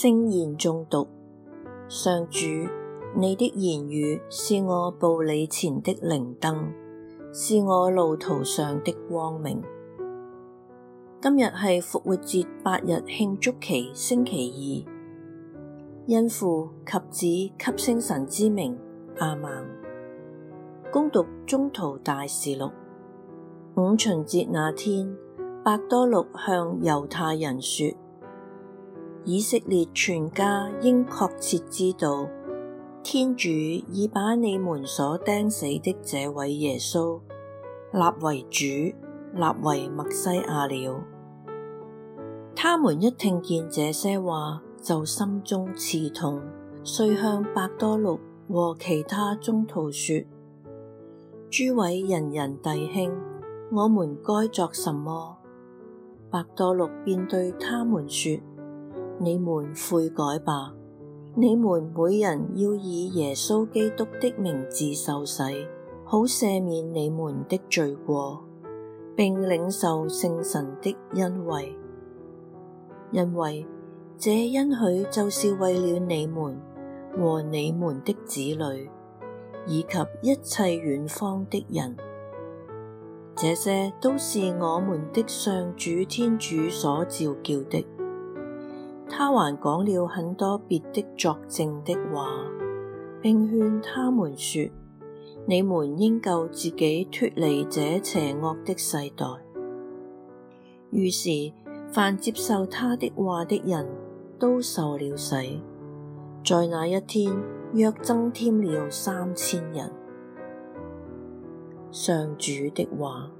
聖言誦讀。上主，你的言語是我步履前的靈燈，是我路途上的光明。今日係復活節八日慶祝期，星期二。因父及子及聖神之名亞孟，恭讀宗徒大事錄。五旬節那天，伯多祿向猶太人說。以色列全家應確切知道，天主已把你們所釘死的這位耶穌立為主，立為麥西亞默西亞了。他們一聽見這些話，就心中刺痛，遂向伯多祿和其他宗徒說：諸位仁人弟兄，我們該作什麼？伯多祿便對他們說。你們悔改吧，你們每人要以耶穌基督的名字受洗，好赦免你們的罪過，並領受聖神的恩惠。因為這恩許就是為了你們和你們的子女，以及一切遠方的人，這些都是我們的上主天主所召叫的。他還講了很多別的作證的話，並勸他們說：你們應救自己脱離這邪惡的世代。於是，凡接受他的話的人都受了洗。在那一天約增添了三千人。上主的話。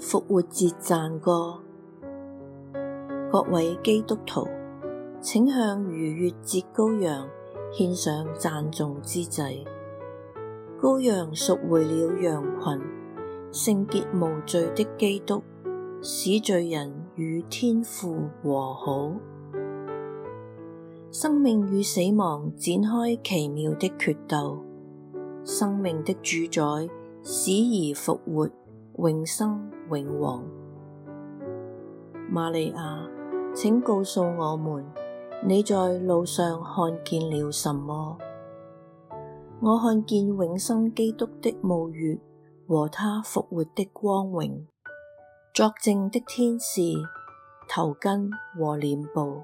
復活節讚歌。各位基督徒，請向逾越節羔羊獻上讚頌之祭。羔羊贖回了羊群，聖潔無罪的基督使罪人與天父和好。生命與死亡展開奇妙的決鬥，生命的主宰死而復活，永生永王。瑪利亞。請告訴我們，你在路上看見了什麼？我看見永生基督的墓穴和他復活的光榮、作證的天使、頭巾和殮布。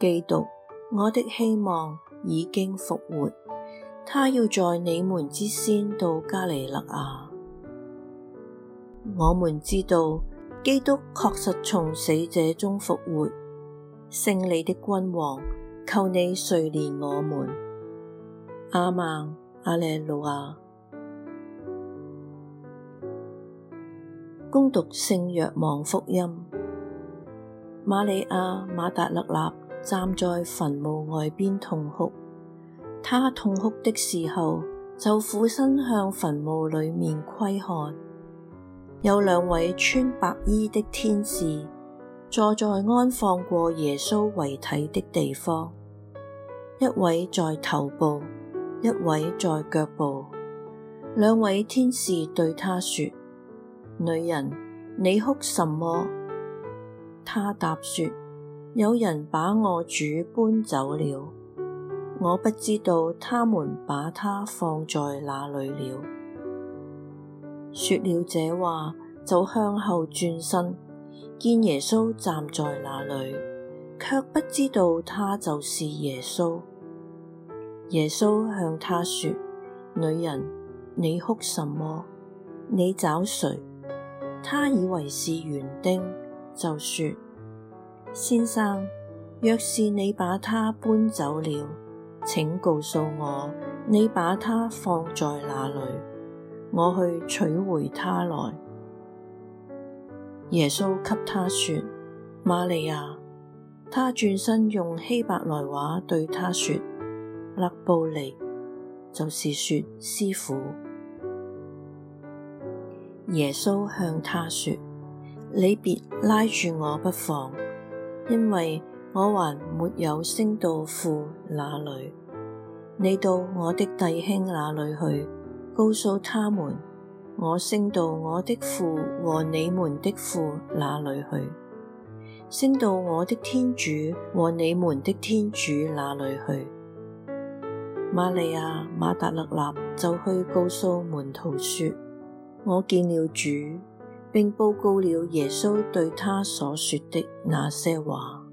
基督，我的希望已經復活，他要在你們之先到加里肋亞。我們知道，基督確實從死者中復活，勝利的君王，求你垂憐我們。亞孟，亞肋路亞。恭讀聖若望福音，瑪利亞瑪達肋納站在墳墓外邊痛哭。她痛哭的時候，就俯身向墳墓裏面窺看。有兩位穿白衣的天使，坐在安放過耶穌遺體的地方，一位在頭部，一位在腳部。兩位天使對他說：女人，你哭什麼？他答說：有人把我主搬走了，我不知道他們把他放在哪裏了。說了這話，就向後轉身，見耶穌站在那裏，卻不知道他就是耶穌。耶穌向他說：女人，你哭什麼？你找誰？他以為是園丁，就說：先生，若是你把他搬走了，請告訴我，你把他放在那裏？我去取回他來。耶穌給他說：瑪利亞，他轉身用希伯來話對他說：辣步尼，就是說，師傅。耶穌向他說：你別拉住我不放，因為我還沒有升到父那裏。你到我的弟兄那裏去。告訴他們，我升到我的父和你們的父那裏去，升到我的天主和你們的天主那裏去。瑪利亞、馬達肋納就去告訴門徒說：我見了主，並報告了耶穌對他所說的那些話。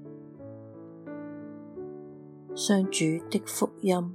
上主的福音。